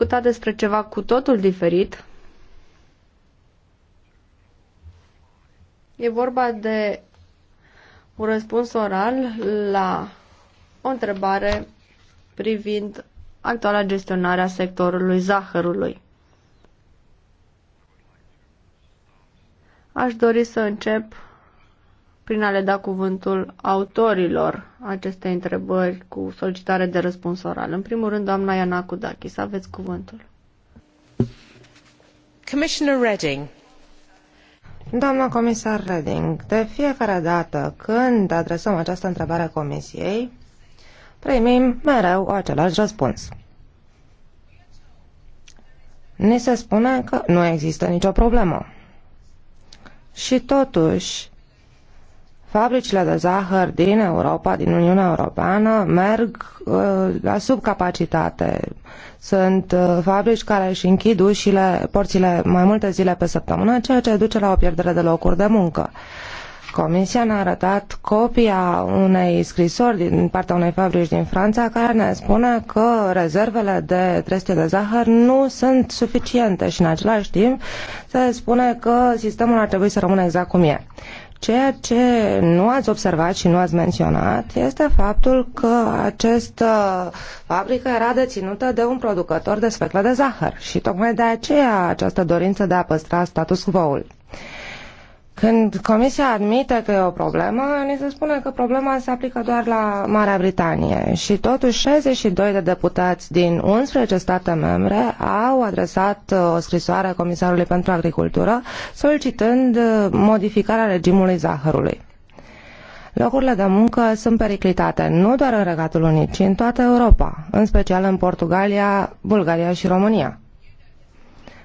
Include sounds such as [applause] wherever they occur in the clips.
discuta despre ceva cu totul diferit. E vorba de un răspuns oral la o întrebare privind actuala gestionare a sectorului zahărului. Aș dori să încep prin a le da cuvântul autorilor acestei întrebări cu solicitare de răspuns oral. În primul rând, doamna Iana Kudakis, aveți cuvântul. Commissioner Reding. Doamna comisar Reding, de fiecare dată când adresăm această întrebare comisiei, primim mereu același răspuns. Ni se spune că nu există nicio problemă. Și totuși, Fabricile de zahăr din Europa, din Uniunea Europeană, merg uh, la subcapacitate. Sunt uh, fabrici care își închid ușile, porțile mai multe zile pe săptămână, ceea ce duce la o pierdere de locuri de muncă. Comisia ne-a arătat copia unei scrisori din partea unei fabrici din Franța care ne spune că rezervele de trestie de zahăr nu sunt suficiente și în același timp se spune că sistemul ar trebui să rămână exact cum e. Ceea ce nu ați observat și nu ați menționat este faptul că această fabrică era deținută de un producător de sfeclă de zahăr și tocmai de aceea această dorință de a păstra status quo-ul. Când Comisia admite că e o problemă, ni se spune că problema se aplică doar la Marea Britanie și totuși 62 de deputați din 11 state membre au adresat uh, o scrisoare Comisarului pentru Agricultură solicitând uh, modificarea regimului zahărului. Locurile de muncă sunt periclitate nu doar în Regatul Unit, ci în toată Europa, în special în Portugalia, Bulgaria și România.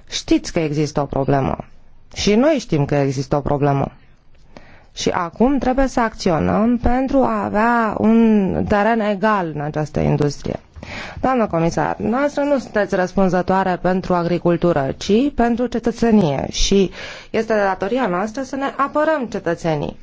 Știți că există o problemă și noi știm că există o problemă. Și acum trebuie să acționăm pentru a avea un teren egal în această industrie. Doamnă comisar, noastră nu sunteți răspunzătoare pentru agricultură, ci pentru cetățenie și este de datoria noastră să ne apărăm cetățenii.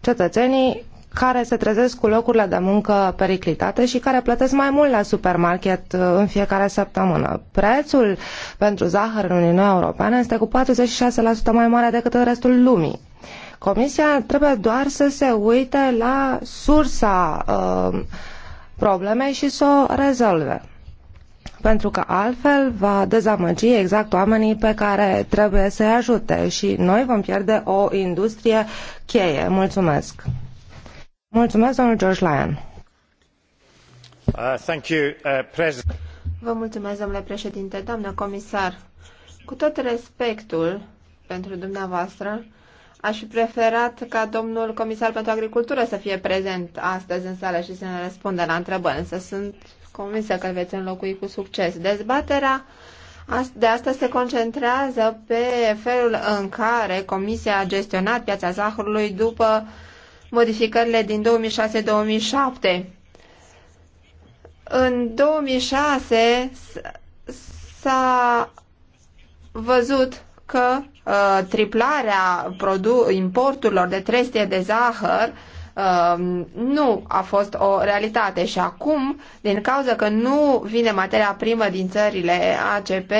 Cetățenii care se trezesc cu locurile de muncă periclitate și care plătesc mai mult la supermarket uh, în fiecare săptămână. Prețul pentru zahăr în Uniunea Europeană este cu 46% mai mare decât în restul lumii. Comisia trebuie doar să se uite la sursa uh, problemei și să o rezolve pentru că altfel va dezamăgi exact oamenii pe care trebuie să-i ajute și noi vom pierde o industrie cheie. Mulțumesc! Mulțumesc, domnul George Lyon. Uh, uh, Vă mulțumesc, domnule președinte, comisar. Cu tot respectul pentru dumneavoastră, aș fi preferat ca domnul comisar pentru agricultură să fie prezent astăzi în sală și să ne răspundă la întrebări, însă sunt convinsă că îl veți înlocui cu succes. Dezbaterea de astăzi se concentrează pe felul în care Comisia a gestionat piața zahărului după modificările din 2006-2007. În 2006 s-a văzut că uh, triplarea importurilor de trestie de zahăr Um, nu a fost o realitate și acum, din cauza că nu vine materia primă din țările ACP,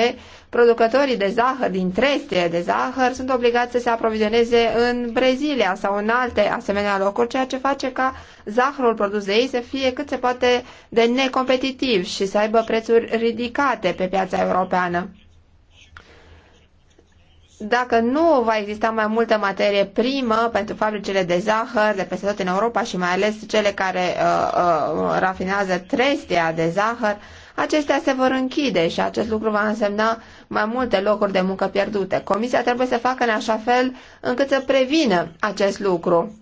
producătorii de zahăr, din trestie de zahăr, sunt obligați să se aprovizioneze în Brezilia sau în alte asemenea locuri, ceea ce face ca zahărul produs de ei să fie cât se poate de necompetitiv și să aibă prețuri ridicate pe piața europeană dacă nu va exista mai multă materie primă pentru fabricile de zahăr de peste tot în Europa și mai ales cele care uh, uh, rafinează trestea de zahăr, acestea se vor închide și acest lucru va însemna mai multe locuri de muncă pierdute. Comisia trebuie să facă în așa fel încât să prevină acest lucru.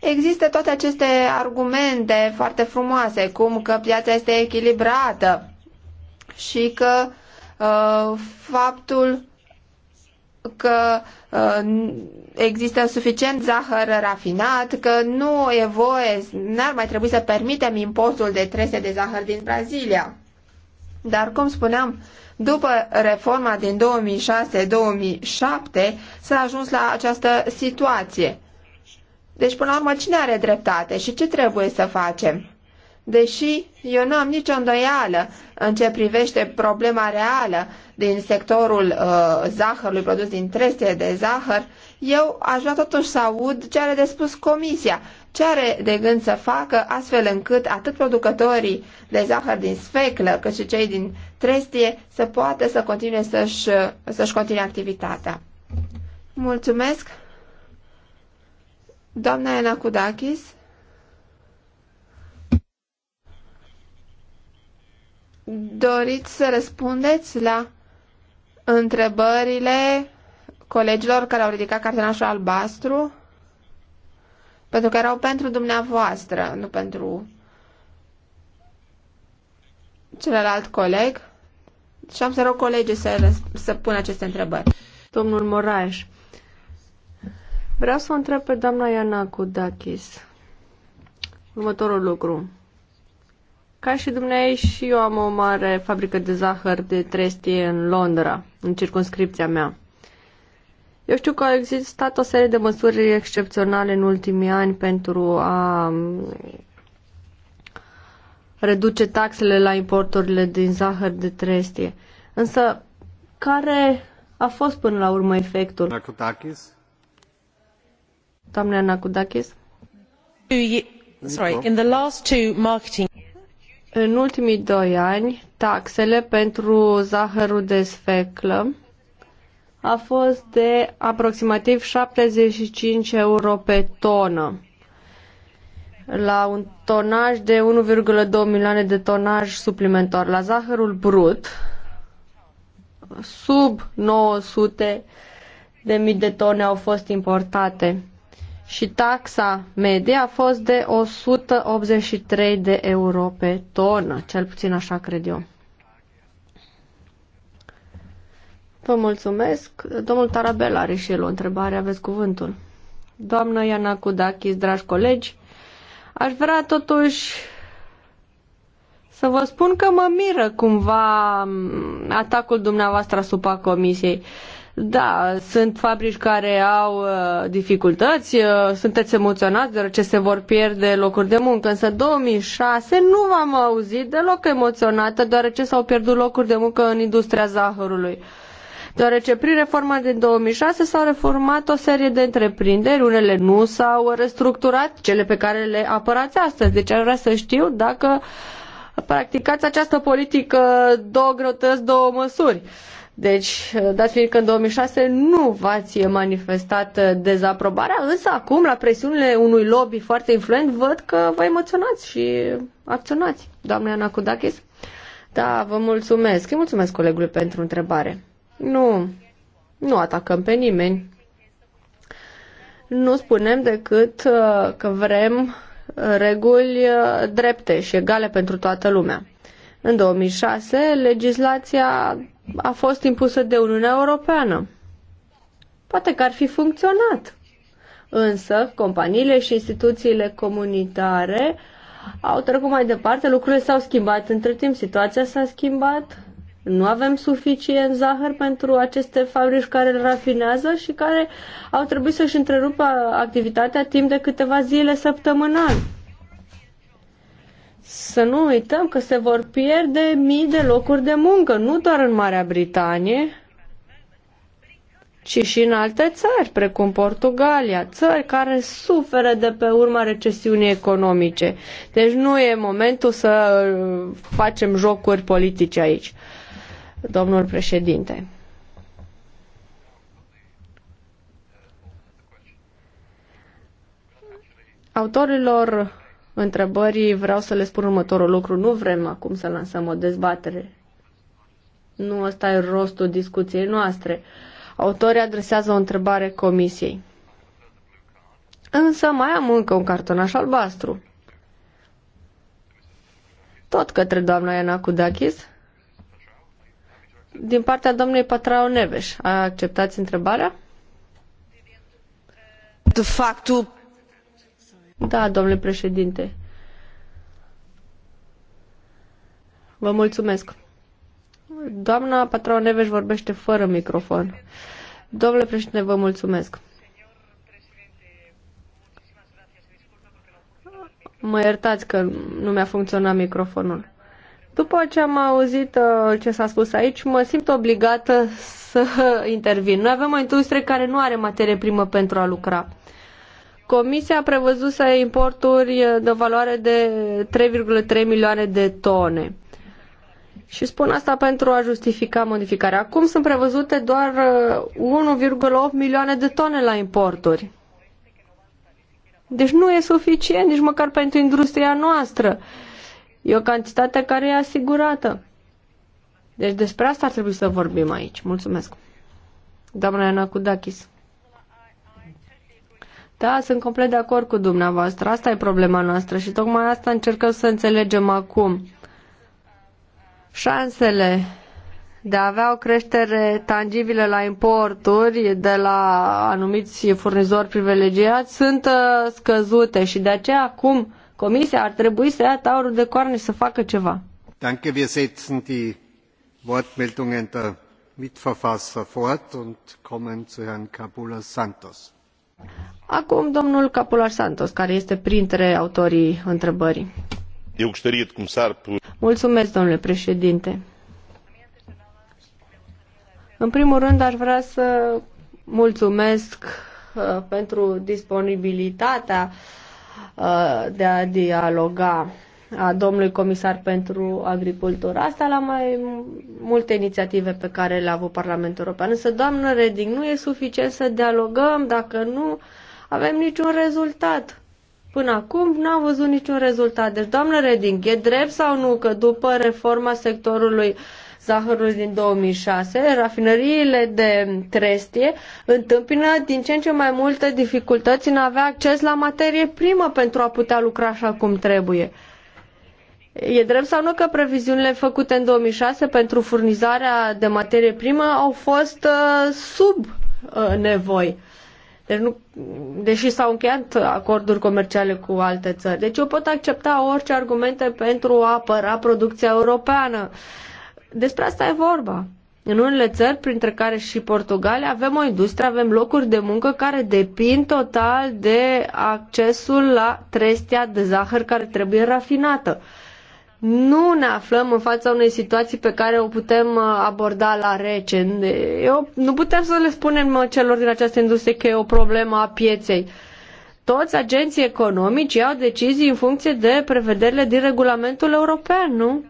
Există toate aceste argumente foarte frumoase, cum că piața este echilibrată și că uh, faptul că uh, există suficient zahăr rafinat, că nu e voie, n-ar mai trebui să permitem importul de trese de zahăr din Brazilia. Dar, cum spuneam, după reforma din 2006-2007 s-a ajuns la această situație. Deci, până la urmă, cine are dreptate și ce trebuie să facem? deși eu nu am nicio îndoială în ce privește problema reală din sectorul uh, zahărului produs din trestie de zahăr, eu aș vrea totuși să aud ce are de spus comisia, ce are de gând să facă astfel încât atât producătorii de zahăr din sfeclă cât și cei din trestie să poată să continue să-și, să-și continue activitatea. Mulțumesc! Doamna Ena Kudakis Doriți să răspundeți la întrebările colegilor care au ridicat cartonașul albastru? Pentru că erau pentru dumneavoastră, nu pentru celălalt coleg. Și am să rog colegii să, să pună aceste întrebări. Domnul Moraes, vreau să o întreb pe doamna Iana Kudakis următorul lucru. Ca și dumneai și eu am o mare fabrică de zahăr de trestie în Londra, în circunscripția mea. Eu știu că au existat o serie de măsuri excepționale în ultimii ani pentru a mm, reduce taxele la importurile din zahăr de trestie. Însă, care a fost până la urmă efectul? Nakudakis? Doamne Nakudakis? Sorry, in the last two marketing în ultimii doi ani, taxele pentru zahărul de sfeclă a fost de aproximativ 75 euro pe tonă la un tonaj de 1,2 milioane de tonaj suplimentar la zahărul brut sub 900 de mii de tone au fost importate și taxa medie a fost de 183 de euro pe tonă, cel puțin așa cred eu. Vă mulțumesc. Domnul Tarabel are și el o întrebare, aveți cuvântul. Doamnă Iana Kudakis, dragi colegi, aș vrea totuși să vă spun că mă miră cumva atacul dumneavoastră asupra comisiei. Uh, da, sunt fabrici care au uh, dificultăți, uh, sunteți emoționați deoarece se vor pierde locuri de muncă, însă 2006 nu v-am auzit deloc emoționată deoarece s-au pierdut locuri de muncă în industria zahărului. Deoarece prin reforma din 2006 s-au reformat o serie de întreprinderi, unele nu s-au restructurat, cele pe care le apărați astăzi. Deci ar vrea să știu dacă practicați această politică două grătăți, două măsuri. Uh, deci, dat fiind că în 2006 nu v-ați manifestat uh, dezaprobarea, însă acum, la presiunile unui lobby foarte influent, văd că vă emoționați și acționați, doamna Ana Kudakis. Da, vă mulțumesc. Îi mulțumesc colegului pentru întrebare. Nu, nu atacăm pe nimeni. Nu spunem decât uh, că vrem uh, reguli drepte și egale pentru toată lumea. În 2006, legislația a fost impusă de Uniunea Europeană. Poate că ar fi funcționat. Însă, companiile și instituțiile comunitare au trecut mai departe, lucrurile s-au schimbat între timp, situația s-a schimbat, nu avem suficient zahăr pentru aceste fabrici care îl rafinează și care au trebuit să-și întrerupă activitatea timp de câteva zile săptămânal. Să nu uităm că se vor pierde mii de locuri de muncă, nu doar în Marea Britanie, ci și în alte țări, precum Portugalia, țări care suferă de pe urma recesiunii economice. Deci nu e momentul să uh, facem jocuri politice aici, domnul președinte. Autorilor întrebării vreau să le spun următorul lucru. Nu vrem acum să lansăm o dezbatere. Nu ăsta e rostul discuției noastre. Autorii adresează o întrebare comisiei. Însă mai am încă un cartonaș albastru. Tot către doamna Iana Kudakis. Din partea domnului Patrao Neveș. Acceptați întrebarea? De factul da, domnule președinte. Vă mulțumesc. Doamna patron Neveș vorbește fără microfon. Domnule președinte, vă mulțumesc. Mă iertați că nu mi-a funcționat microfonul. După ce am auzit uh, ce s-a spus aici, mă simt obligată să [laughs] intervin. Noi avem o industrie care nu are materie primă pentru a lucra. Comisia a prevăzut să importuri eh, de valoare de 3,3 milioane de tone. Și spun asta pentru a justifica modificarea. Acum sunt prevăzute doar 1,8 eh, milioane de tone la importuri. Deci nu e suficient nici măcar pentru industria noastră. E o cantitate care e asigurată. Deci despre asta ar trebui să vorbim aici. Mulțumesc. Doamna Ana Kudakis. Da, sunt complet de acord cu dumneavoastră. Asta e problema noastră și tocmai asta încercăm să înțelegem acum. Șansele de a avea o creștere tangibilă la importuri de la anumiți furnizori privilegiați sunt uh, scăzute și de aceea acum Comisia ar trebui să ia taurul de coarne și să facă ceva. Danke, wir setzen die Wortmeldungen der Mitverfasser fort und kommen zu Herrn Cabulas Santos. Acum domnul Capular Santos, care este printre autorii întrebării. Eu gostaria de começar por... Mulțumesc, domnule președinte. În primul rând, aș vrea să mulțumesc uh, pentru disponibilitatea uh, de a dialoga a domnului comisar pentru agricultură. Asta la mai multe inițiative pe care le-a avut Parlamentul European. Însă, doamnă Reding, nu e suficient să dialogăm dacă nu uh, avem niciun rezultat. Până acum n-am văzut niciun rezultat. Deci, doamnă Reding, e drept sau nu că după reforma sectorului zahărului din 2006, rafinăriile de trestie întâmpină din ce în ce mai multe dificultăți în a avea acces la materie primă pentru a putea lucra așa cum trebuie. E drept sau nu că previziunile făcute în 2006 pentru furnizarea de materie primă au fost uh, sub uh, nevoi? Deci nu, deși s-au încheiat acorduri comerciale cu alte țări. Deci eu pot accepta orice argumente pentru a apăra producția europeană. Despre asta e vorba. În unele țări, printre care și Portugalia, avem o industrie, avem locuri de muncă care depind total de accesul la trestia de zahăr care trebuie rafinată. Uh, nu ne aflăm în fața unei situații pe care o putem uh, aborda la rece. Eu nu putem să le spunem uh, celor din această industrie că e o problemă a pieței. Toți agenții economici iau decizii în funcție de prevederile din regulamentul european, nu?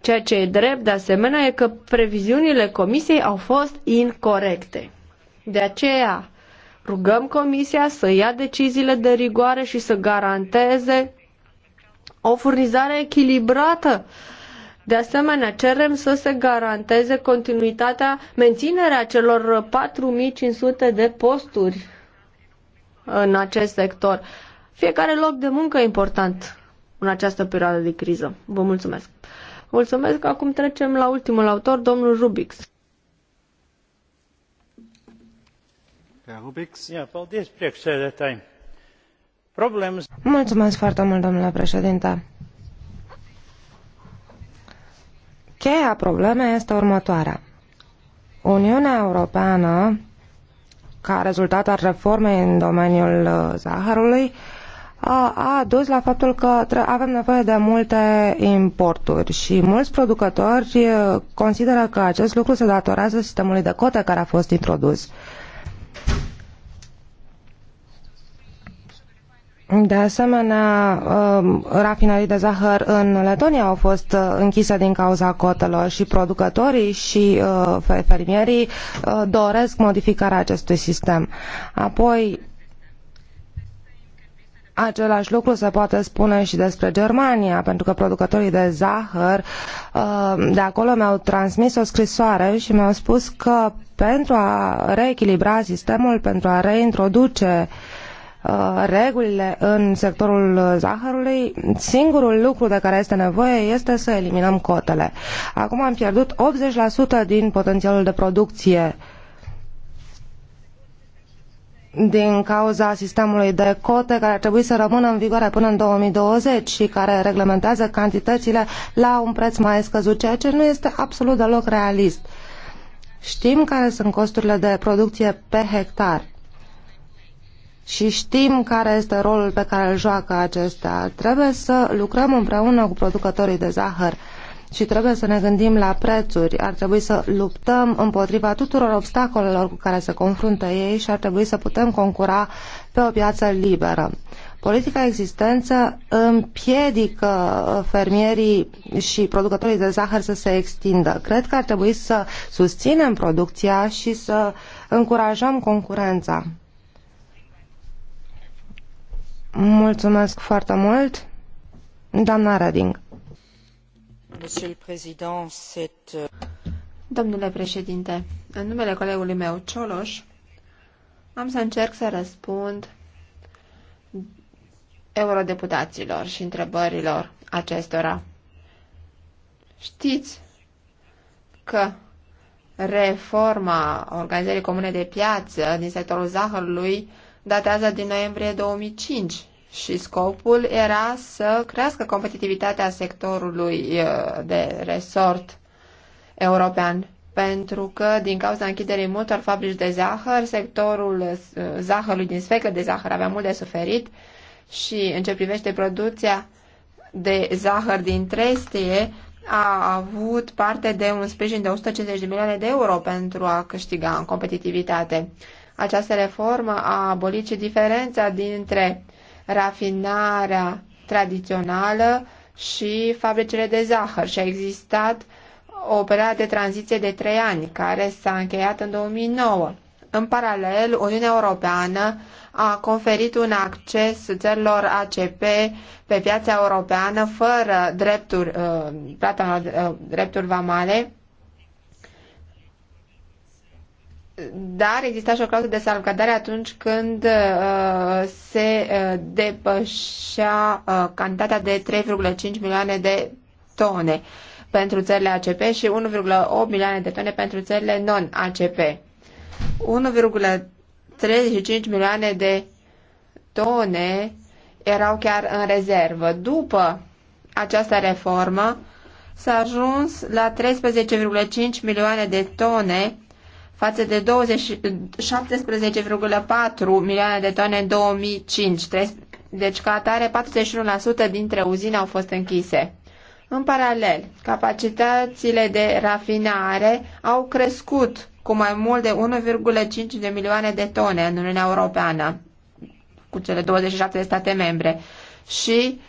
Ceea ce e drept, de asemenea, e că previziunile comisiei au fost incorrecte. De aceea, rugăm comisia să ia deciziile de rigoare și să garanteze o furnizare echilibrată. De asemenea, cerem să se garanteze continuitatea, menținerea celor 4500 de posturi în acest sector. Fiecare loc de muncă e important în această perioadă de criză. Vă mulțumesc. Mulțumesc. Acum trecem la ultimul autor, domnul Rubix. Rubix. Ja, paldies, priekšsēdētāji. Mulțumesc foarte mult, domnule președinte. Cheia problemei este următoarea. Uniunea Europeană, ca rezultat al reformei în domeniul uh, zahărului, a dus la faptul că avem nevoie de multe importuri și mulți producători uh, consideră că acest lucru se datorează sistemului de cote care a fost introdus. De asemenea, um, rafinării de zahăr în Letonia au fost uh, închise din cauza cotelor și producătorii și uh, fermierii uh, doresc modificarea acestui sistem. Apoi, Același lucru se poate spune și despre Germania, pentru că producătorii de zahăr de acolo mi-au transmis o scrisoare și mi-au spus că pentru a reechilibra sistemul, pentru a reintroduce uh, Uh, regulile în sectorul zahărului, singurul lucru de care este nevoie este să eliminăm cotele. Acum am pierdut 80% din potențialul de producție din cauza sistemului de cote care ar trebui să rămână în vigoare până în 2020 și care reglementează cantitățile la un preț mai scăzut, ceea ce nu este absolut deloc realist. Știm care sunt costurile de producție pe hectar și știm care este rolul pe care îl joacă acestea. Trebuie să lucrăm împreună cu producătorii de zahăr și trebuie să ne gândim la prețuri. Ar trebui să luptăm împotriva tuturor obstacolelor cu care se confruntă ei și ar trebui să putem concura pe o piață liberă. Politica existență împiedică fermierii și producătorii de zahăr să se extindă. Cred că ar trebui să susținem producția și să încurajăm concurența. Mulțumesc foarte mult. Doamna Reding. Euh, Domnule președinte, în numele colegului meu, Cioloș, am să încerc să răspund eurodeputaților și întrebărilor acestora. Știți că reforma organizării comune de piață din sectorul zahărului datează din noiembrie 2005 și scopul era să crească competitivitatea sectorului uh, de resort european pentru că din cauza închiderii multor fabrici de zahăr, sectorul uh, zahărului din sfeclă de zahăr avea mult de suferit și în ce privește producția de zahăr din trestie, a avut parte de un sprijin de 150 de milioane de euro pentru a câștiga în competitivitate. Această reformă a abolit și diferența dintre rafinarea tradițională și fabricile de zahăr și a existat o perioadă de tranziție de trei ani, care s-a încheiat în 2009. În paralel, Uniunea Europeană a conferit un acces țărilor ACP pe piața europeană fără drepturi, uh, plata, uh, drepturi vamale dar exista și o clauză de salvgardare atunci când uh, se uh, depășea uh, cantitatea de 3,5 milioane de tone pentru țările ACP și 1,8 milioane de tone pentru țările non-ACP. 1,35 milioane de tone erau chiar în rezervă. După această reformă s-a ajuns la 13,5 milioane de tone față de 17,4 milioane de tone în 2005. Deci, ca atare, 41% dintre uzine au fost închise. În paralel, capacitățile de rafinare au crescut cu mai mult de 1,5 de milioane de tone în Uniunea Europeană, cu cele 27 de state membre. Și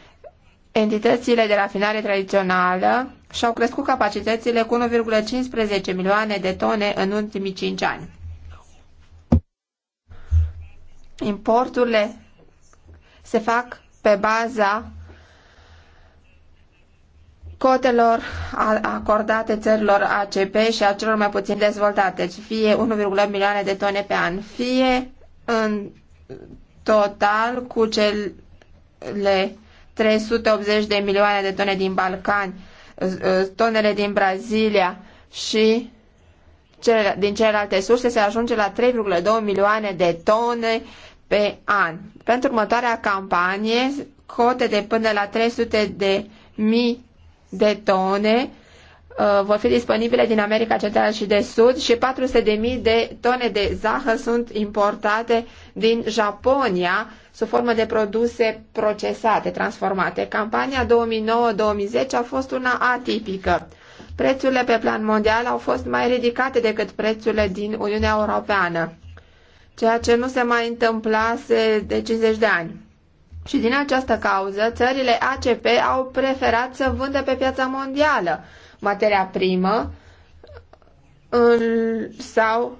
entitățile de rafinare tradițională și-au crescut capacitățile cu 1,15 milioane de tone în ultimii 5 ani. Importurile se fac pe baza cotelor acordate țărilor ACP și a celor mai puțin dezvoltate, deci fie 1,8 milioane de tone pe an, fie în total cu cele 380 de milioane de tone din Balcani Eh, eh, tonele din Brazilia și cele, din celelalte surse se ajunge la 3,2 milioane de tone pe an. Pentru următoarea campanie, cote de până la 300 de mii de tone uh, vor fi disponibile din America Centrală și de Sud și 400 de mii de tone de zahăr sunt importate din Japonia sub formă de produse procesate, transformate. Campania 2009-2010 a fost una atipică. Prețurile pe plan mondial au fost mai ridicate decât prețurile din Uniunea Europeană, ceea ce nu se mai întâmplase de 50 de ani. Și din această cauză, țările ACP au preferat să vândă pe piața mondială materia primă în, sau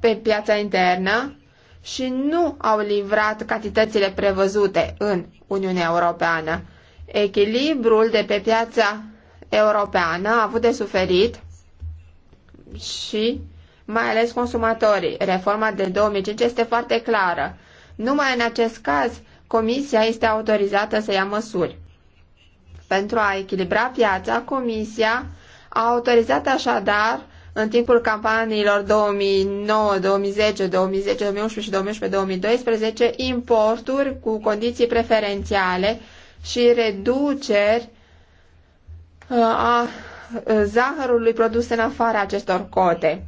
pe piața internă și nu au livrat cantitățile prevăzute în Uniunea Europeană. Echilibrul de pe piața europeană a avut de suferit și mai ales consumatorii. Reforma de 2005 este foarte clară. Numai în acest caz, Comisia este autorizată să ia măsuri. Pentru a echilibra piața, Comisia a autorizat așadar în timpul campaniilor 2009, 2010, 2010, 2011 și 2011, 2012 importuri cu condiții preferențiale și reduceri uh, a uh, zahărului produs în afara acestor cote.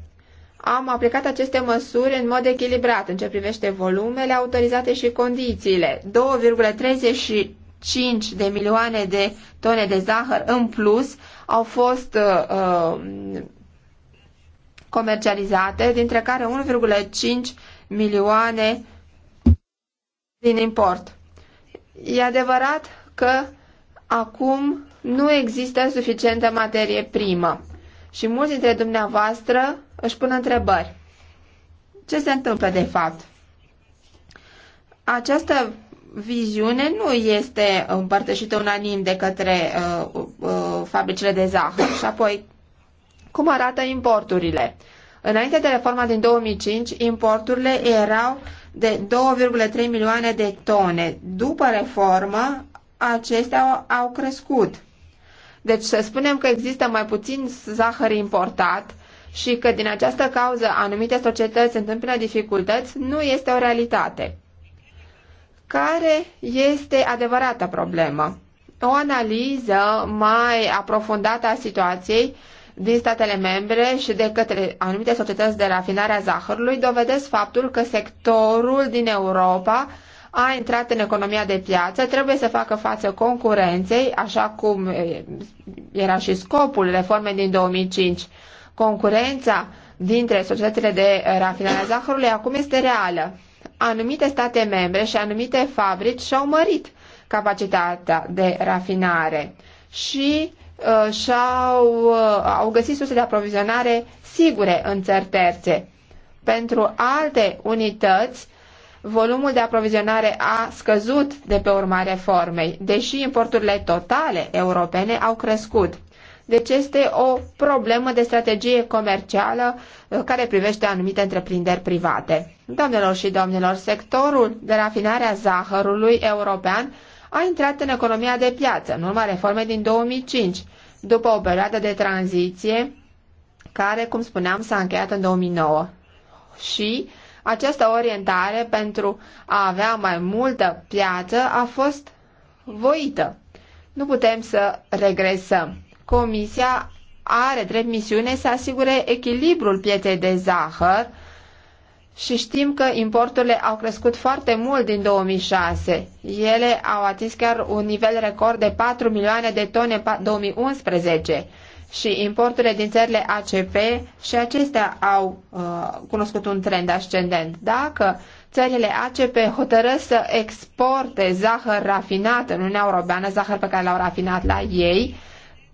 Am aplicat aceste măsuri în mod echilibrat în ce privește volumele autorizate și condițiile. 2,35 de milioane de tone de zahăr în plus au fost uh, uh comercializate, dintre care 1,5 milioane din import. E adevărat că acum nu există suficientă materie primă și mulți dintre dumneavoastră își pun întrebări. Ce se întâmplă de fapt? Această viziune nu este împărtășită unanim de către uh, uh, fabricile de zahăr și apoi cum arată importurile? Înainte de reforma din 2005, importurile erau de 2,3 milioane de tone. După reformă, acestea au crescut. Deci să spunem că există mai puțin zahăr importat și că din această cauză anumite societăți întâmpină dificultăți, nu este o realitate. Care este adevărata problemă? O analiză mai aprofundată a situației din statele membre și de către anumite societăți de rafinare a zahărului dovedesc faptul că sectorul din Europa a intrat în economia de piață, trebuie să facă față concurenței, așa cum era și scopul reformei din 2005. Concurența dintre societățile de rafinare a zahărului acum este reală. Anumite state membre și anumite fabrici și-au mărit capacitatea de rafinare și uh, și-au uh, au găsit surse de aprovizionare sigure în țări terțe. Pentru alte unități, volumul de aprovizionare a scăzut de pe urma reformei, deși importurile totale europene au crescut. Deci este o problemă de strategie comercială uh, care privește anumite întreprinderi private. Doamnelor și domnilor, sectorul de rafinare a zahărului european a intrat în economia de piață, în urma reformei din 2005, după o perioadă de tranziție care, cum spuneam, s-a încheiat în 2009. Și această orientare pentru a avea mai multă piață a fost voită. Nu putem să regresăm. Comisia are drept misiune să asigure echilibrul pieței de zahăr, și știm că importurile au crescut foarte mult din 2006. Ele au atins chiar un nivel record de 4 milioane de tone în 2011 și importurile din țările ACP și acestea au uh, cunoscut un trend ascendent. Dacă țările ACP hotărăsc să exporte zahăr rafinat în Uniunea Europeană, zahăr pe care l-au rafinat la ei,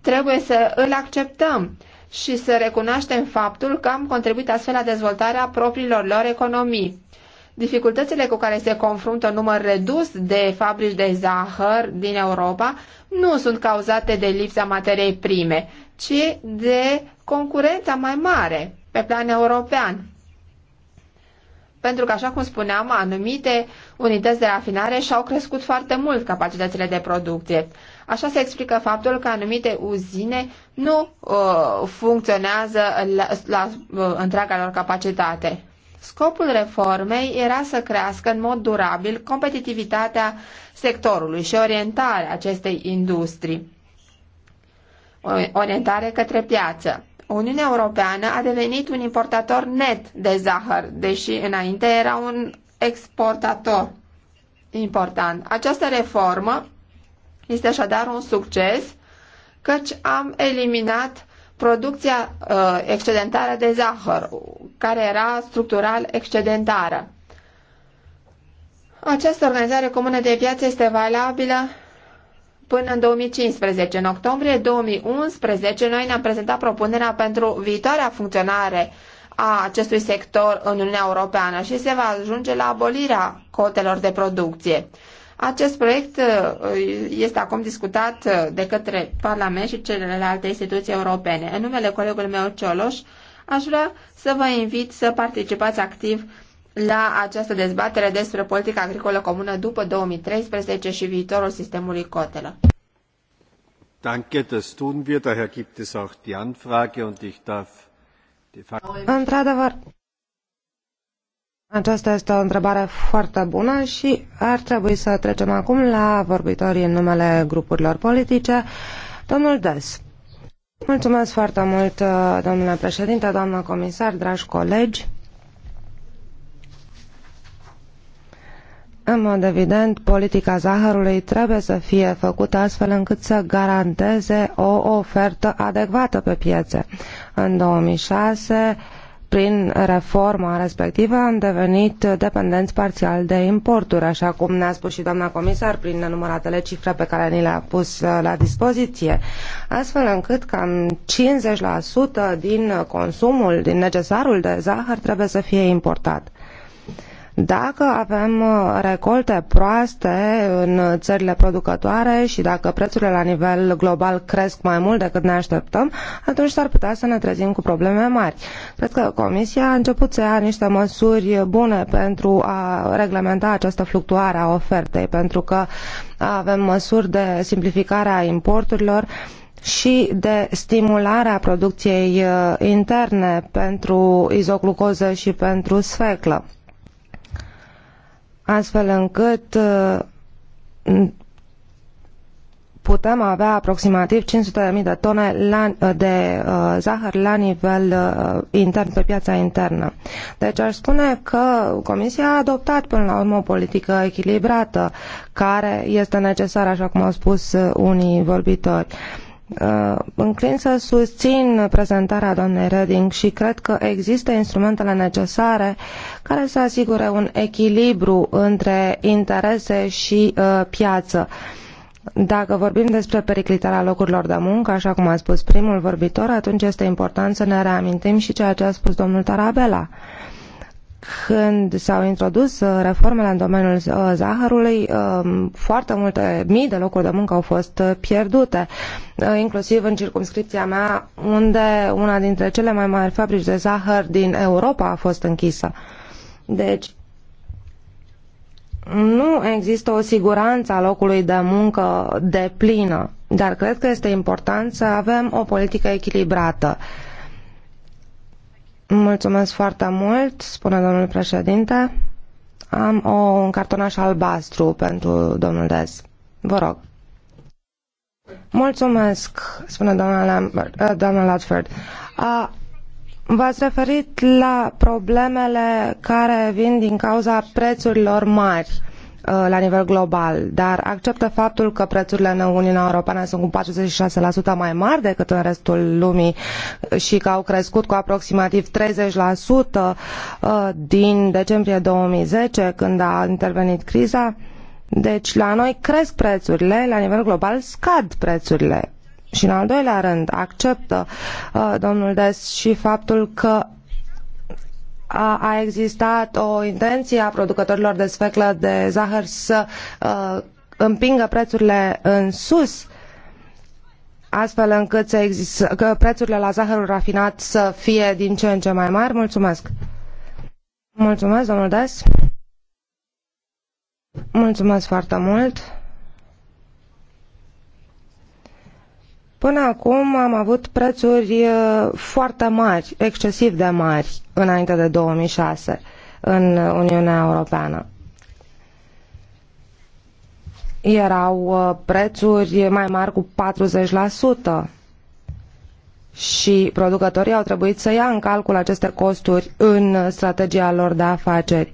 trebuie să îl acceptăm și să recunoaștem faptul că am contribuit astfel la dezvoltarea propriilor lor economii. Dificultățile cu care se confruntă un număr redus de fabrici de zahăr din Europa nu sunt cauzate de lipsa materiei prime, ci de concurența mai mare pe plan european. Pentru că, așa cum spuneam, anumite unități de rafinare și-au crescut foarte mult capacitățile de producție. Așa se explică faptul că anumite uzine nu uh, funcționează la, la uh, întreaga lor capacitate. Scopul reformei era să crească în mod durabil competitivitatea sectorului și orientarea acestei industrii, orientare către piață. Uniunea Europeană a devenit un importator net de zahăr, deși înainte era un exportator important. Această reformă este așadar un succes, căci am eliminat producția uh, excedentară de zahăr, care era structural excedentară. Această organizare comună de piață este valabilă până în 2015. În octombrie 2011 noi ne-am prezentat propunerea pentru viitoarea funcționare a acestui sector în Uniunea Europeană și se va ajunge la abolirea cotelor de producție. Acest proiect uh, este acum discutat uh, de către Parlament și celelalte instituții europene. În numele colegului meu Cioloș, aș vrea să vă invit să participați activ la această dezbatere despre politica agricolă comună după 2013 și viitorul sistemului cotelă. Danke, das tun wir. Daher gibt es auch die Anfrage und ich darf die Într-adevăr, aceasta este o întrebare foarte bună și ar trebui să trecem acum la vorbitorii în numele grupurilor politice. Domnul Des. Mulțumesc foarte mult, uh, domnule președinte, doamnă comisar, dragi colegi. În mod evident, politica zahărului trebuie să fie făcută astfel încât să garanteze o ofertă adecvată pe piețe. În 2006, prin reforma respectivă am devenit dependenți parțial de importuri, așa cum ne-a spus și doamna comisar prin nenumăratele cifre pe care ni le-a pus uh, la dispoziție, astfel încât cam 50% din consumul, din necesarul de zahăr trebuie să fie importat. Dacă avem uh, recolte proaste în țările producătoare și dacă prețurile la nivel global cresc mai mult decât ne așteptăm, atunci s-ar putea să ne trezim cu probleme mari. Cred că Comisia a început să ia niște măsuri bune pentru a reglementa această fluctuare a ofertei, pentru că avem măsuri de simplificare a importurilor, și de stimularea producției uh, interne pentru izoglucoză și pentru sfeclă astfel încât uh, putem avea aproximativ 500.000 de tone la, de uh, zahăr la nivel uh, intern, pe piața internă. Deci aș spune că Comisia a adoptat până la urmă o politică echilibrată, care este necesară, așa cum au spus uh, unii vorbitori. Uh, înclin să susțin prezentarea doamnei Reding și cred că există instrumentele necesare care să asigure un echilibru între interese și uh, piață. Dacă vorbim despre periclitarea locurilor de muncă, așa cum a spus primul vorbitor, atunci este important să ne reamintim și ceea ce a spus domnul Tarabella. Uh, când s-au introdus uh, reformele în domeniul uh, zahărului, uh, foarte multe mii de locuri de muncă au fost pierdute, inclusiv în circumscripția mea, unde una dintre cele mai mari fabrici de zahăr din Europa a fost închisă. Deci, nu există o siguranță a locului de muncă de plină, dar cred că este important să avem o politică echilibrată. Uh, Mulțumesc foarte mult, spune domnul președinte. Am o, un cartonaș albastru pentru domnul Dez. Vă rog. Mulțumesc, spune doamna, Lambert, eh, doamna V-ați referit la problemele care vin din cauza prețurilor mari. Uh, la nivel global, dar acceptă faptul că prețurile în Uniunea Europeană sunt cu 46% mai mari decât în restul lumii și că au crescut cu aproximativ 30% uh, din decembrie 2010, când a intervenit criza. Deci la noi cresc prețurile, la nivel global scad prețurile. Și în al doilea rând, acceptă uh, domnul Des și faptul că a existat o intenție a producătorilor de sfeclă de zahăr să uh, împingă prețurile în sus astfel încât să că prețurile la zahărul rafinat să fie din ce în ce mai mari. Mulțumesc! Mulțumesc, domnul Des! Mulțumesc foarte mult! Până acum am avut prețuri uh, foarte mari, excesiv de mari, înainte de 2006 în Uniunea Europeană. Erau uh, prețuri mai mari cu 40% și producătorii au trebuit să ia în calcul aceste costuri în strategia lor de afaceri.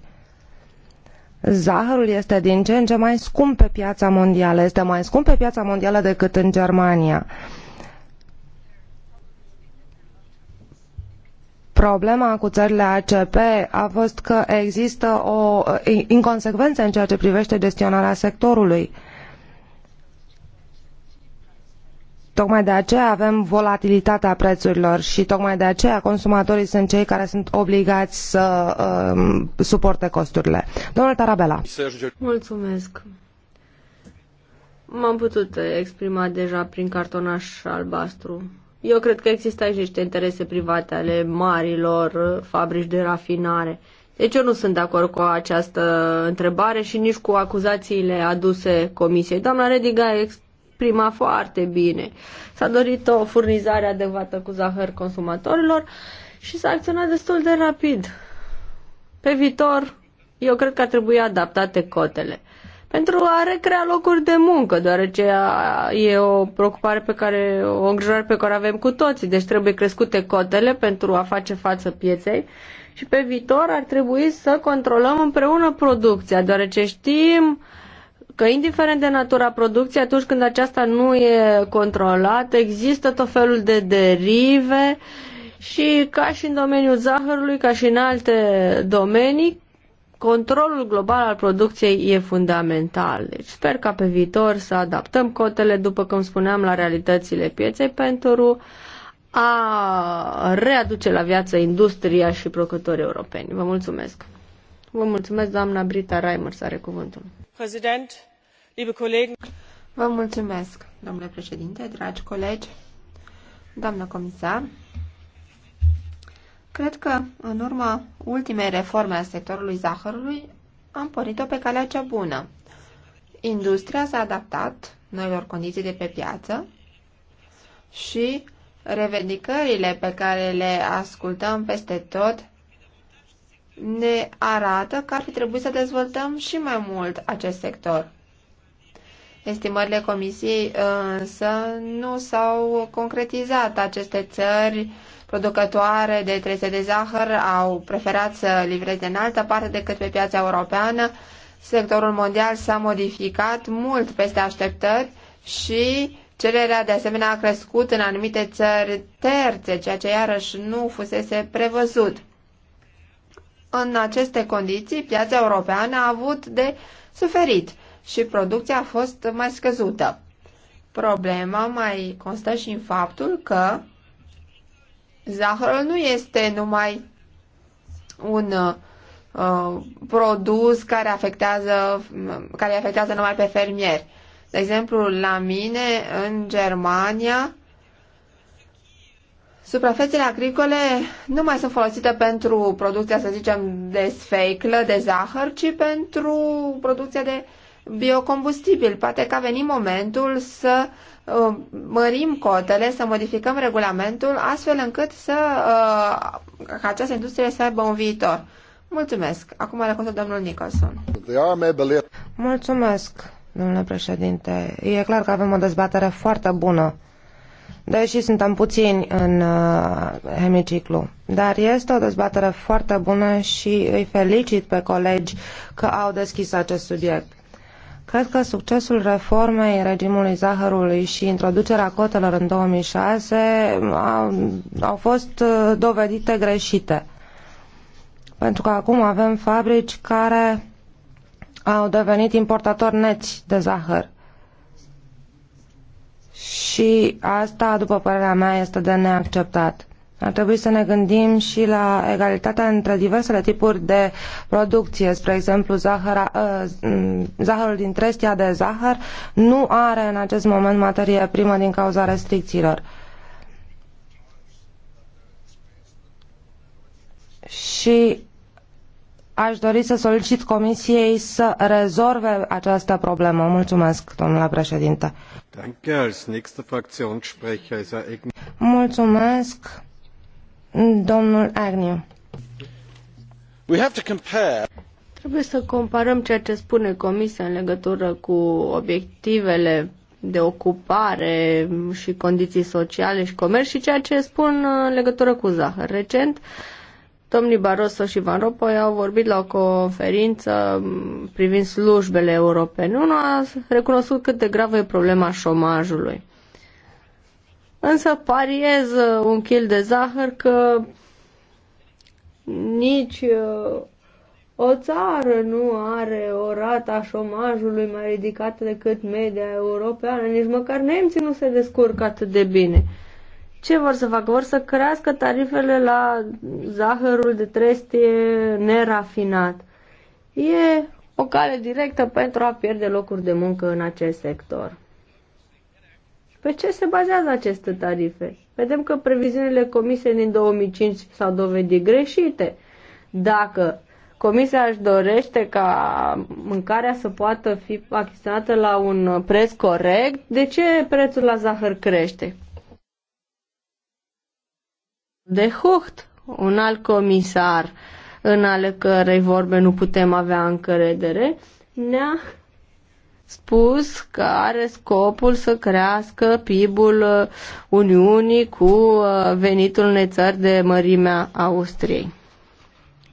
Zahărul este din ce în ce mai scump pe piața mondială, este mai scump pe piața mondială decât în Germania. Uh, Problema cu țările ACP a fost că există o inconsecvență în ceea ce privește gestionarea sectorului. Tocmai de aceea avem volatilitatea prețurilor și tocmai de aceea consumatorii sunt cei care sunt obligați să uh, suporte costurile. Domnul Tarabela. Mulțumesc. M-am putut exprima deja prin cartonaș albastru. Eu cred că există aici niște interese private ale marilor fabrici de rafinare. Deci eu nu sunt de acord cu această întrebare și nici cu acuzațiile aduse comisiei. Doamna Rediga a exprimat foarte bine. S-a dorit o furnizare adecvată cu zahăr consumatorilor și s-a acționat destul de rapid. Pe viitor, eu cred că ar trebui adaptate cotele pentru a recrea locuri de muncă, deoarece e o preocupare pe care, o îngrijorare pe care avem cu toții, deci trebuie crescute cotele pentru a face față pieței și pe viitor ar trebui să controlăm împreună producția, deoarece știm că indiferent de natura producției, atunci când aceasta nu e controlată, există tot felul de derive și ca și în domeniul zahărului, ca și în alte domenii, controlul global al producției e fundamental. Deci sper ca pe viitor să adaptăm cotele, după cum spuneam, la realitățile pieței pentru a readuce la viață industria și producătorii europeni. Vă mulțumesc! Vă mulțumesc, doamna Brita să are cuvântul. President, liebe colegi... Vă mulțumesc, domnule președinte, dragi colegi, doamnă comisar. Cred că, în urma ultimei reforme a sectorului zahărului, am pornit-o pe calea cea bună. Industria s-a adaptat noilor condiții de pe piață și revendicările pe care le ascultăm peste tot ne arată că ar fi trebuit să dezvoltăm și mai mult acest sector. Estimările comisiei însă nu s-au concretizat. Aceste țări producătoare de trese de zahăr au preferat să livreze în altă parte decât pe piața europeană. Sectorul mondial s-a modificat mult peste așteptări și cererea de asemenea a crescut în anumite țări terțe, ceea ce iarăși nu fusese prevăzut. În aceste condiții, piața europeană a avut de suferit și producția a fost mai scăzută. Problema mai constă și în faptul că Zahărul nu este numai un uh, produs care afectează, care afectează numai pe fermieri. De exemplu, la mine, în Germania, suprafețele agricole nu mai sunt folosite pentru producția, să zicem, de sfeiclă, de zahăr, ci pentru producția de biocombustibil. Poate că a venit momentul să uh, mărim cotele, să modificăm regulamentul astfel încât să uh, această industrie să aibă un viitor. Mulțumesc. Acum are cuvântul domnul Nicholson. Mulțumesc, domnule președinte. E clar că avem o dezbatere foarte bună, deși suntem puțini în uh, hemiciclu. Dar este o dezbatere foarte bună și îi felicit pe colegi că au deschis acest subiect. Cred că succesul reformei regimului zahărului și introducerea cotelor în 2006 au, au fost uh, dovedite greșite. Pentru că acum avem fabrici care au devenit importatori neți de zahăr. Și asta, după părerea mea, este de neacceptat. Ar trebui să ne gândim și la egalitatea între diversele tipuri de producție. Spre exemplu, zahăra, ă, zahărul din trestia de zahăr nu are în acest moment materie primă din cauza restricțiilor. Și aș dori să solicit Comisiei să rezolve această problemă. Mulțumesc, domnule președinte. Mulțumesc. Domnul Agnew. We have to compare... Trebuie să comparăm ceea ce spune Comisia în legătură cu obiectivele de ocupare și condiții sociale și comerț și ceea ce spun uh, în legătură cu zahăr. Recent, domnii Barroso și Van Rompuy au vorbit la o conferință mm, privind slujbele europene. Unul a recunoscut cât de gravă e problema șomajului. Însă pariez uh, un kil de zahăr că nici uh, o țară nu are o rată a șomajului mai ridicată decât media europeană, nici măcar nemții nu se descurcă atât de bine. Ce vor să facă? Vor să crească tarifele la zahărul de trestie nerafinat. E o cale directă pentru a pierde locuri de muncă în acest sector. Pe ce se bazează aceste tarife? Vedem că previziunile comisiei din 2005 s-au dovedit greșite. Dacă comisia își dorește ca mâncarea să poată fi achiziționată la un preț corect, de ce prețul la zahăr crește? De Hucht, un alt comisar în ale cărei vorbe nu putem avea încredere, ne-a spus că are scopul să crească PIB-ul uh, Uniunii cu uh, venitul unei țări de mărimea Austriei.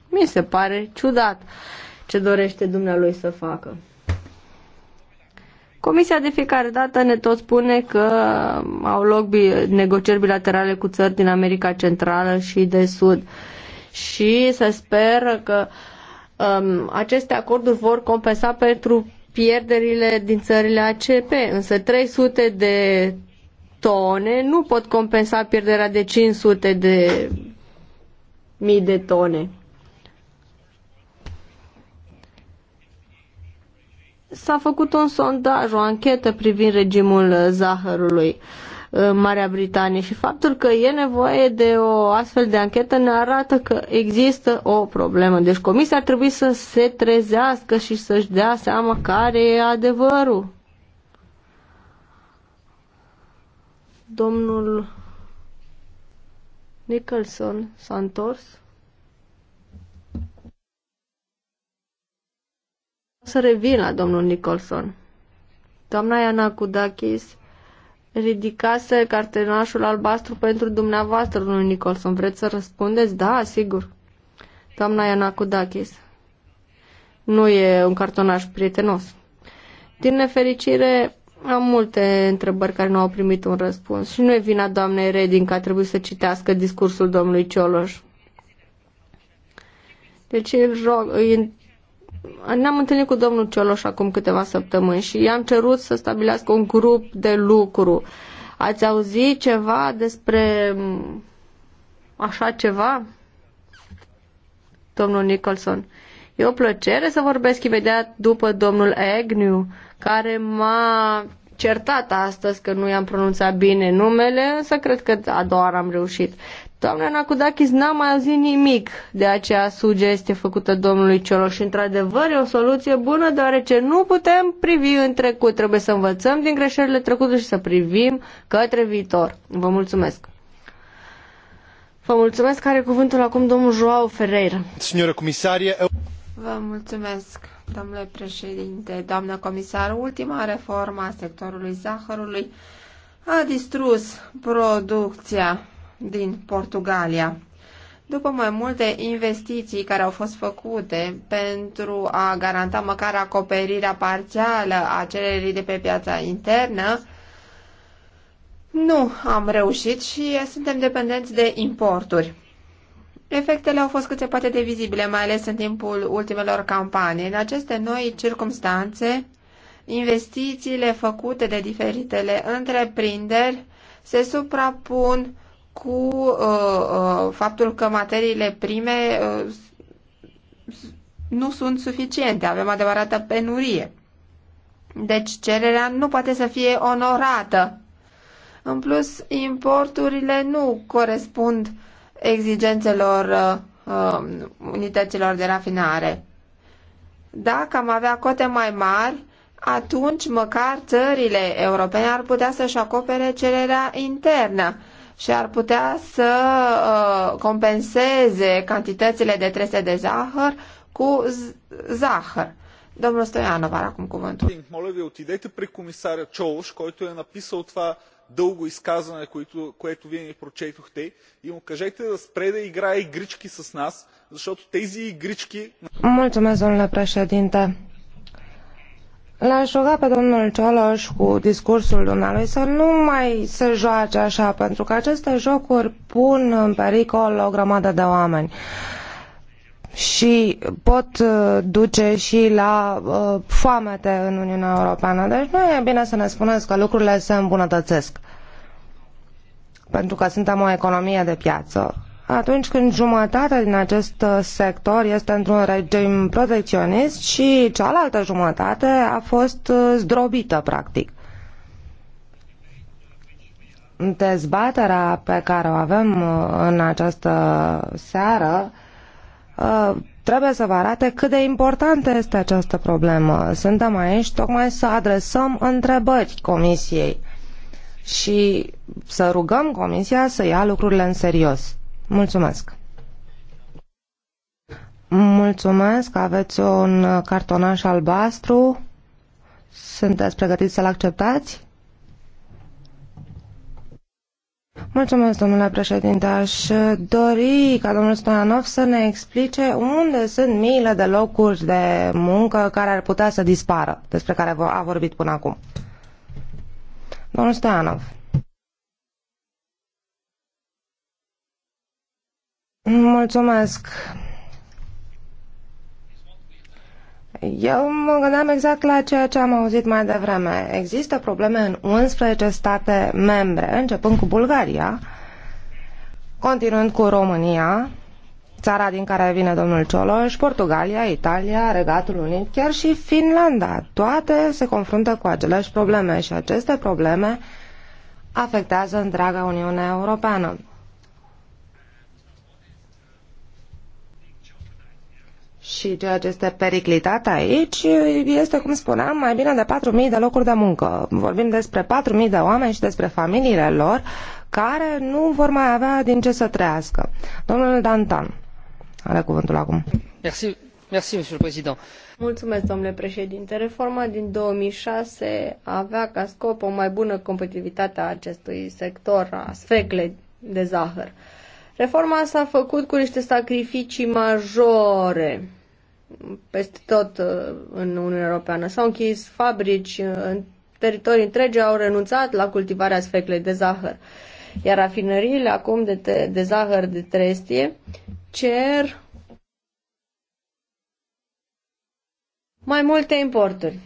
Mi se pare ciudat ce dorește dumnealui să facă. Comisia de fiecare dată ne tot spune că uh, au loc negocieri bilaterale cu țări din America Centrală și de Sud și se speră că um, aceste acorduri vor compensa pentru pierderile din țările ACP, însă 300 de tone nu pot compensa pierderea de 500 de mii de tone. S-a făcut un sondaj, o anchetă privind regimul zahărului. Uh, Uh, Marea Britanie și faptul că e nevoie de o astfel de anchetă ne arată că există o problemă. Deci comisia ar trebui să se trezească și să-și dea seama care e adevărul. Domnul Nicholson s-a întors. Să revin la domnul Nicholson. Doamna Iana Kudakis ridicase cartenașul albastru pentru dumneavoastră, domnul Nicholson. Vreți să răspundeți? Da, sigur. Doamna Iana Kudakis. Nu e un cartonaș prietenos. Din nefericire, am multe întrebări care nu au primit un răspuns și nu e vina doamnei Reding că a trebuit să citească discursul domnului Cioloș. Deci îl rog, îi ne-am întâlnit cu domnul Cioloș acum câteva săptămâni și i-am cerut să stabilească un grup de lucru. Ați auzit ceva despre mm, așa ceva? Domnul Nicholson. E o plăcere să vorbesc imediat după domnul Agnew, care m-a certat astăzi că nu i-am pronunțat bine numele, însă cred că a doua am reușit. Doamna Nacudachis n-a mai auzit nimic de aceea sugestie făcută domnului Cioloș. Într-adevăr, e o soluție bună, deoarece nu putem privi în trecut. Trebuie să învățăm din greșelile trecute și să privim către viitor. Vă mulțumesc! Vă mulțumesc. Are cuvântul acum domnul Joao Ferreira. Signora comisarie... Vă mulțumesc, domnule președinte, doamnă comisar. Ultima reformă a sectorului zahărului a distrus producția din Portugalia. După mai multe investiții care au fost făcute pentru a garanta măcar acoperirea parțială a cererii de pe piața internă, nu am reușit și suntem dependenți de importuri. Efectele au fost cât se poate de vizibile, mai ales în timpul ultimelor campanii. În aceste noi circumstanțe, investițiile făcute de diferitele întreprinderi se suprapun cu uh, uh, faptul că materiile prime uh, nu sunt suficiente, avem adevărată penurie. Deci cererea nu poate să fie onorată. În plus, importurile nu corespund exigențelor uh, um, unităților de rafinare. Dacă am avea cote mai mari, atunci măcar țările europene ar putea să-și acopere cererea internă și ar putea să uh, compenseze cantitățile de trese de zahăr cu z- zahăr. Domnul Stoianov are acum cuvântul. Mă uitați pe comisarul Cioș, care a scris това дълго изказване, което, което вие ни прочетохте и му кажете да спре да играе игрички с нас, защото тези игрички... Mulțumesc, domnule președinte. L-aș ruga pe domnul Cioloș cu discursul dumnealui să nu mai se joace așa, pentru că aceste jocuri pun în pericol o grămadă de oameni și pot uh, duce și la uh, foamete în Uniunea Europeană. Deci nu e bine să ne spuneți că lucrurile se îmbunătățesc, pentru că suntem o economie de piață atunci când jumătate din acest uh, sector este într-un regim protecționist și cealaltă jumătate a fost uh, zdrobită, practic. Dezbaterea pe care o avem uh, în această seară trebuie să vă arate cât de importantă este această problemă. Suntem aici tocmai să adresăm întrebări Comisiei și să rugăm Comisia să ia lucrurile în serios. Mulțumesc! Mulțumesc, aveți un cartonaș albastru. Sunteți pregătiți să-l acceptați? Mulțumesc, domnule președinte. Aș dori ca domnul Stoianov să ne explice unde sunt miile de locuri de muncă care ar putea să dispară, despre care a vorbit până acum. Domnul Stoianov. Mulțumesc. Eu mă gândeam exact la ceea ce am auzit mai devreme. Există probleme în 11 state membre, începând cu Bulgaria, continuând cu România, țara din care vine domnul Cioloș, Portugalia, Italia, Regatul Unit, chiar și Finlanda. Toate se confruntă cu aceleași probleme și aceste probleme afectează întreaga Uniune Europeană. Și ceea ce este periclitat aici este, cum spuneam, mai bine de 4.000 de locuri de muncă. Vorbim despre 4.000 de oameni și despre familiile lor care nu vor mai avea din ce să trăiască. Domnul Dantan are cuvântul acum. Merci. Mulțumesc, domnule președinte. Reforma din 2006 avea ca scop o mai bună competitivitate a acestui sector a sfecle de zahăr. Uh, Reforma s-a făcut cu niște sacrificii majore peste tot uh, în Uniunea Europeană. S-au închis fabrici uh, în teritorii întregi, au renunțat la cultivarea sfeclei de zahăr. Iar rafinăriile acum de, te- de zahăr de trestie cer mai multe importuri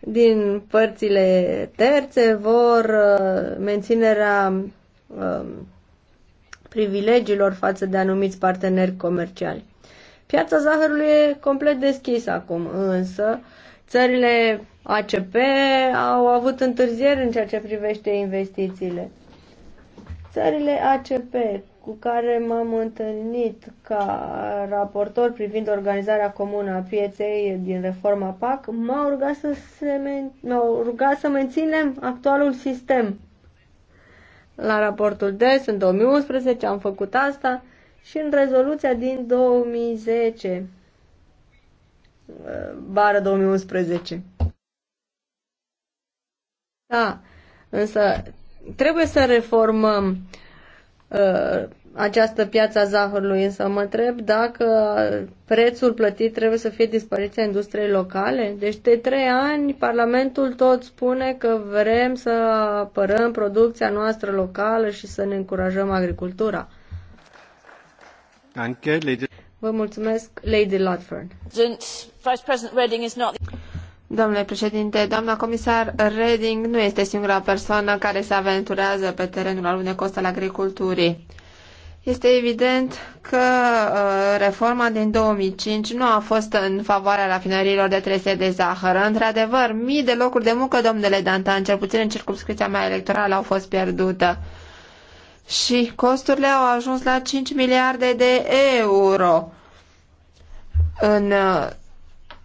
din părțile terțe vor uh, menținerea um, privilegiilor față de anumiți parteneri comerciali. Piața zahărului e complet deschisă acum, însă țările ACP au avut întârzieri în ceea ce privește investițiile. Țările ACP cu care m-am întâlnit ca raportor privind organizarea comună a pieței din reforma PAC, m-au rugat rugat să menținem actualul sistem la raportul DES în 2011 am făcut asta și în rezoluția din 2010 uh, bară 2011. Da, însă trebuie să reformăm uh, această piață a zahărului, însă mă întreb dacă prețul plătit trebuie să fie dispariția industriei locale. Deci de trei ani Parlamentul tot spune că vrem să apărăm producția noastră locală și să ne încurajăm agricultura. Danke, Lady. Vă mulțumesc, Lady Ludford. Reading Domnule președinte, doamna comisar Reding nu este singura persoană care se aventurează pe terenul al unei coste al agriculturii. Este evident că uh, reforma din 2005 nu a fost în favoarea rafinărilor de trese de zahăr. Într-adevăr, mii de locuri de muncă, domnule Dantan, cel puțin în circumscripția mea electorală, au fost pierdute. Și costurile au ajuns la 5 miliarde de euro în uh,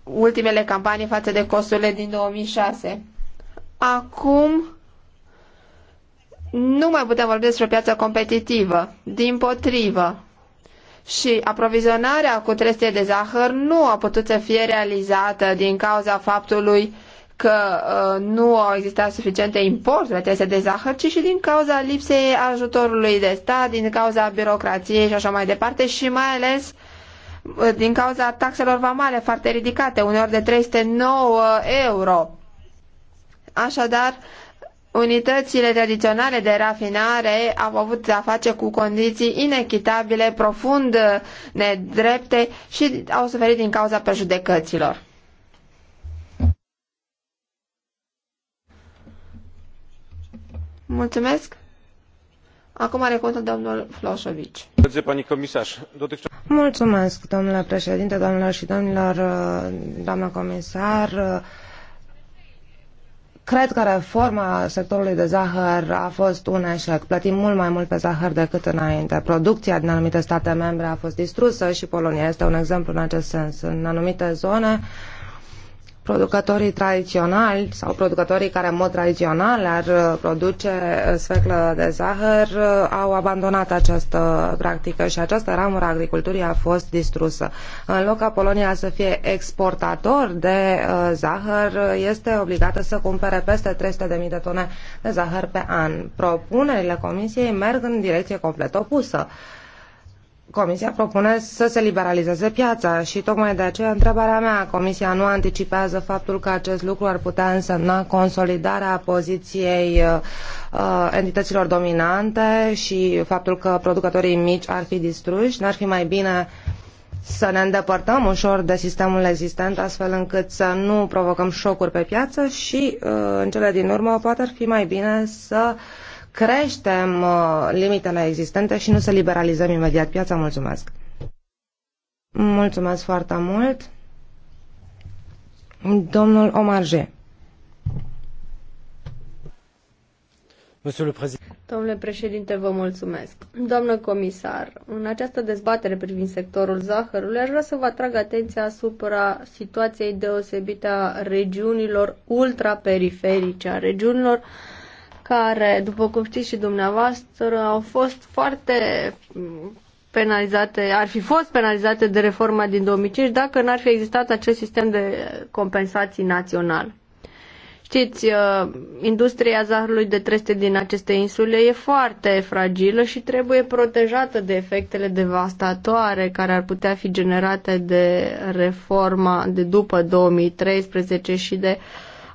ultimele campanii față de costurile din 2006. Acum nu mai putem vorbi despre o piață competitivă, din potrivă. Și aprovizionarea cu trestie de zahăr nu a putut să fie realizată din cauza faptului că uh, nu au existat suficiente importuri de trestie de zahăr, ci și din cauza lipsei ajutorului de stat, din cauza birocrației și așa mai departe și mai ales uh, din cauza taxelor vamale foarte ridicate, uneori de 309 euro. Așadar, uh, Unitățile tradiționale de rafinare au avut de-a face cu condiții inechitabile, profund nedrepte și au suferit din cauza prejudecăților. Mulțumesc. Acum are cuvântul domnul Floșovici. Mulțumesc, domnule președinte, domnilor și domnilor, doamnă comisar. Cred că reforma sectorului de zahăr a fost un eșec. Plătim mult mai mult pe zahăr decât înainte. Producția din anumite state membre a fost distrusă și Polonia este un exemplu în acest sens. În anumite zone, uh, producătorii tradiționali sau producătorii care în mod tradițional ar uh, produce uh, sfeclă de zahăr uh, au abandonat această practică și această ramură a agriculturii a fost distrusă. În loc ca Polonia să fie exportator de zahăr, este obligată să cumpere peste 300.000 de tone de zahăr pe an. Propunerile Comisiei merg în direcție complet opusă Comisia propune să se liberalizeze piața și tocmai de aceea întrebarea mea, Comisia nu anticipează faptul că acest lucru ar putea însemna consolidarea poziției uh, uh, entităților dominante și faptul că producătorii mici ar fi distruși, n-ar fi mai bine să ne îndepărtăm ușor de sistemul existent astfel încât să nu provocăm șocuri pe piață și uh, în cele din urmă poate ar fi mai bine să uh, creștem uh, limitele existente și nu să liberalizăm imediat piața. Mulțumesc! Mulțumesc foarte mult! Domnul Omarje. Domnule președinte, vă mulțumesc. Doamnă comisar, în această dezbatere privind sectorul zahărului, aș vrea să vă atrag atenția asupra situației deosebite a regiunilor ultraperiferice, a regiunilor uh, care, după cum știți și dumneavoastră, au fost foarte penalizate, ar fi fost penalizate de reforma din 2005 dacă n-ar fi existat acest sistem de compensații național. Știți, uh, industria zahărului de treste din aceste insule e foarte fragilă și trebuie protejată de efectele devastatoare care ar putea fi generate de reforma de după 2013 și de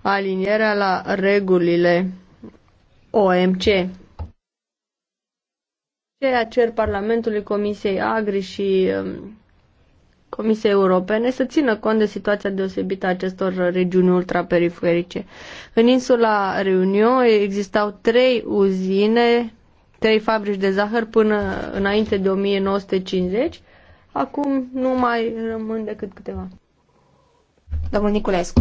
alinierea la regulile OMC. Ceea cer Parlamentului Comisiei Agri și um, Comisiei Europene să țină cont de situația deosebită a acestor regiuni ultraperiferice. În insula Reunion existau trei uzine, trei fabrici de zahăr până înainte de 1950. Acum nu mai rămân decât câteva. Domnul Niculescu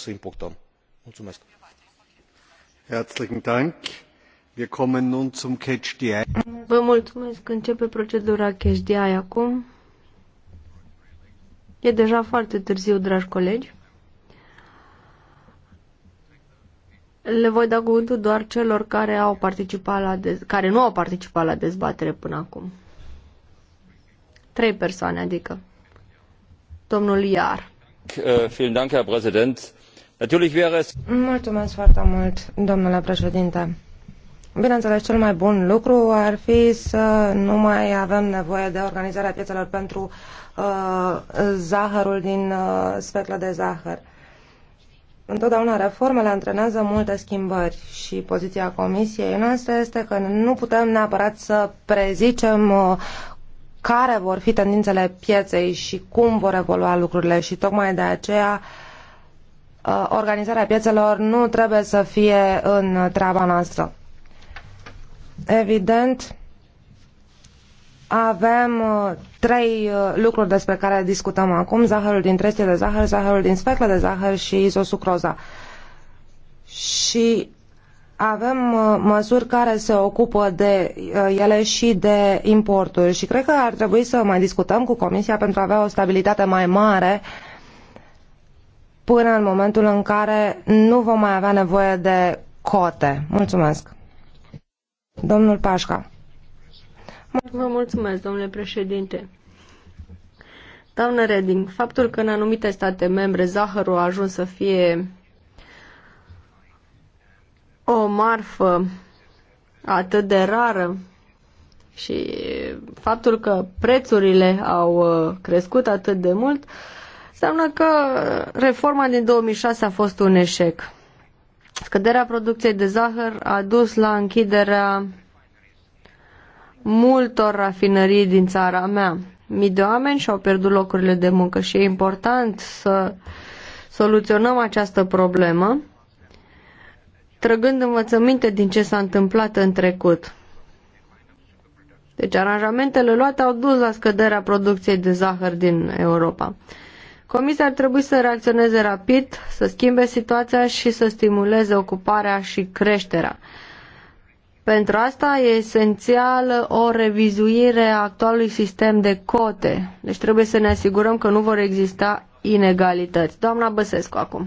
să importăm. mulțumesc. Vă mulțumesc. Începe procedura catch the eye acum. E deja foarte târziu, dragi colegi. Le voi da cuvântul doar celor care, au participat la dez... care nu au participat la dezbatere până acum. Trei persoane, adică. Domnul Iar. Vielen Dank, Herr Präsident. Natürlich mult, Bineînțeles, cel mai bun lucru ar fi să nu mai avem nevoie de organizarea piețelor pentru uh, zahărul din uh, de zahăr. Întotdeauna reformele antrenează multe schimbări și poziția comisiei noastre este că nu putem neapărat să prezicem uh, care vor fi tendințele pieței și cum vor evolua lucrurile și tocmai de aceea uh, Uh, organizarea piețelor nu trebuie să fie în treaba noastră. Evident, avem uh, trei uh, lucruri despre care discutăm acum, zahărul din trestie de zahăr, zahărul din sfeclă de zahăr și izosucroza. Și avem măsuri care se ocupă de ele și de importuri și cred că ar trebui să mai discutăm cu Comisia pentru a avea o stabilitate mai mare uh, până în momentul în care nu vom mai avea nevoie de cote. Mulțumesc. Domnul Pașca. Vă mulțumesc, domnule președinte. Doamnă Reding, faptul că în anumite state membre zahărul a ajuns să fie o marfă atât de rară și faptul că prețurile au uh, crescut atât de mult uh, Înseamnă că reforma din 2006 a fost un eșec. Scăderea producției de zahăr a dus la închiderea multor rafinării din țara mea. Mii de oameni și-au pierdut locurile de muncă și e important să soluționăm această problemă, trăgând învățăminte din ce s-a întâmplat în trecut. Deci aranjamentele luate au dus la scăderea producției de zahăr din Europa. Comisia ar trebui să reacționeze rapid, să schimbe situația și să stimuleze ocuparea și creșterea. Pentru asta e esențială o revizuire a actualului sistem de cote. Deci trebuie să ne asigurăm că nu vor exista inegalități. Doamna Băsescu acum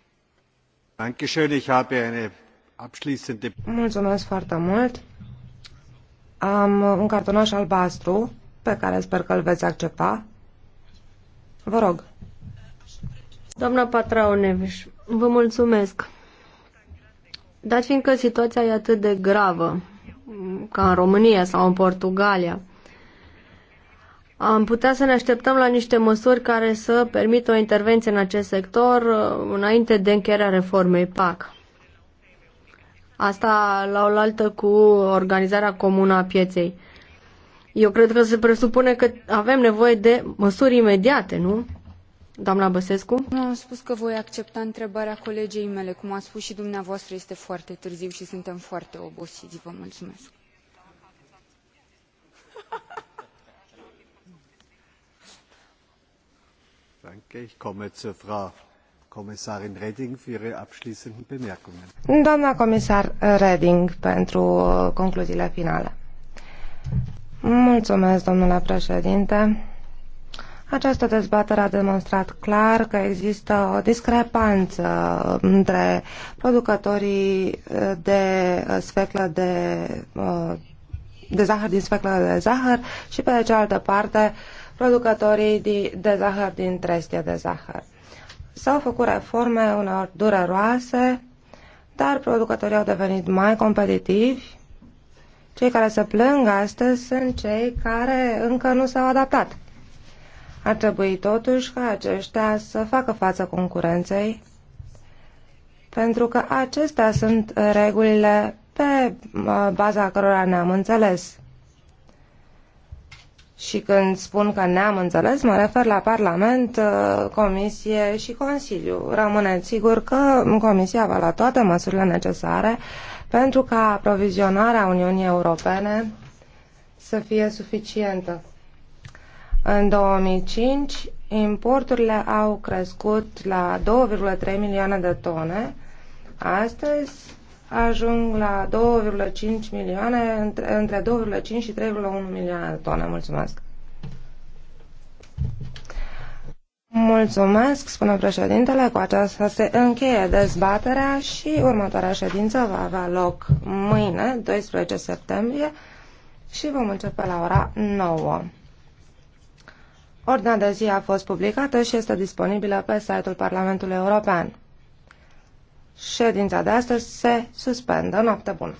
Mulțumesc Am un cartonaș albastru pe care sper că îl veți accepta. Vă rog. Doamna Patrao vă mulțumesc. Dar fiindcă situația e atât de gravă, ca în România sau în Portugalia, am putea să ne așteptăm la niște măsuri care să permită o intervenție în acest sector uh, înainte de încheierea reformei PAC. Asta la oaltă cu organizarea comună a pieței. Eu cred că se presupune că avem nevoie de măsuri imediate, nu? Doamna Băsescu? Nu am spus că voi accepta întrebarea colegei mele. Cum a spus și dumneavoastră, este foarte târziu și suntem foarte obosiți. Vă mulțumesc. [laughs] Danke. Doamna comisar Reding pentru concluziile finale. Mulțumesc, domnule președinte. Această dezbatere a demonstrat clar că există o discrepanță între producătorii de sfeclă de, uh, de zahăr din sfeclă de zahăr și pe de cealaltă parte producătorii de zahăr din trestie de zahăr. S-au făcut reforme unor dureroase, dar producătorii au devenit mai competitivi. Cei care se plâng astăzi sunt cei care încă nu s-au adaptat. Ar trebui totuși ca aceștia să facă față concurenței, pentru că acestea sunt regulile pe uh, baza cărora ne-am înțeles. Și când spun că ne-am înțeles, mă refer la Parlament, uh, Comisie și Consiliu. Rămâneți sigur că Comisia va lua toate măsurile necesare pentru ca aprovizionarea Uniunii Europene să fie suficientă. În 2005, importurile au crescut la 2,3 milioane de tone. Astăzi, ajung la 2,5 milioane, între 2,5 și 3,1 milioane de tone. Mulțumesc! Mulțumesc, spune președintele. Cu aceasta se încheie dezbaterea și următoarea ședință va avea loc mâine, 12 septembrie, și vom începe la ora 9. Ordinea de zi a fost publicată și este disponibilă pe site-ul Parlamentului European. Ședința de astăzi se suspendă. Noapte bună!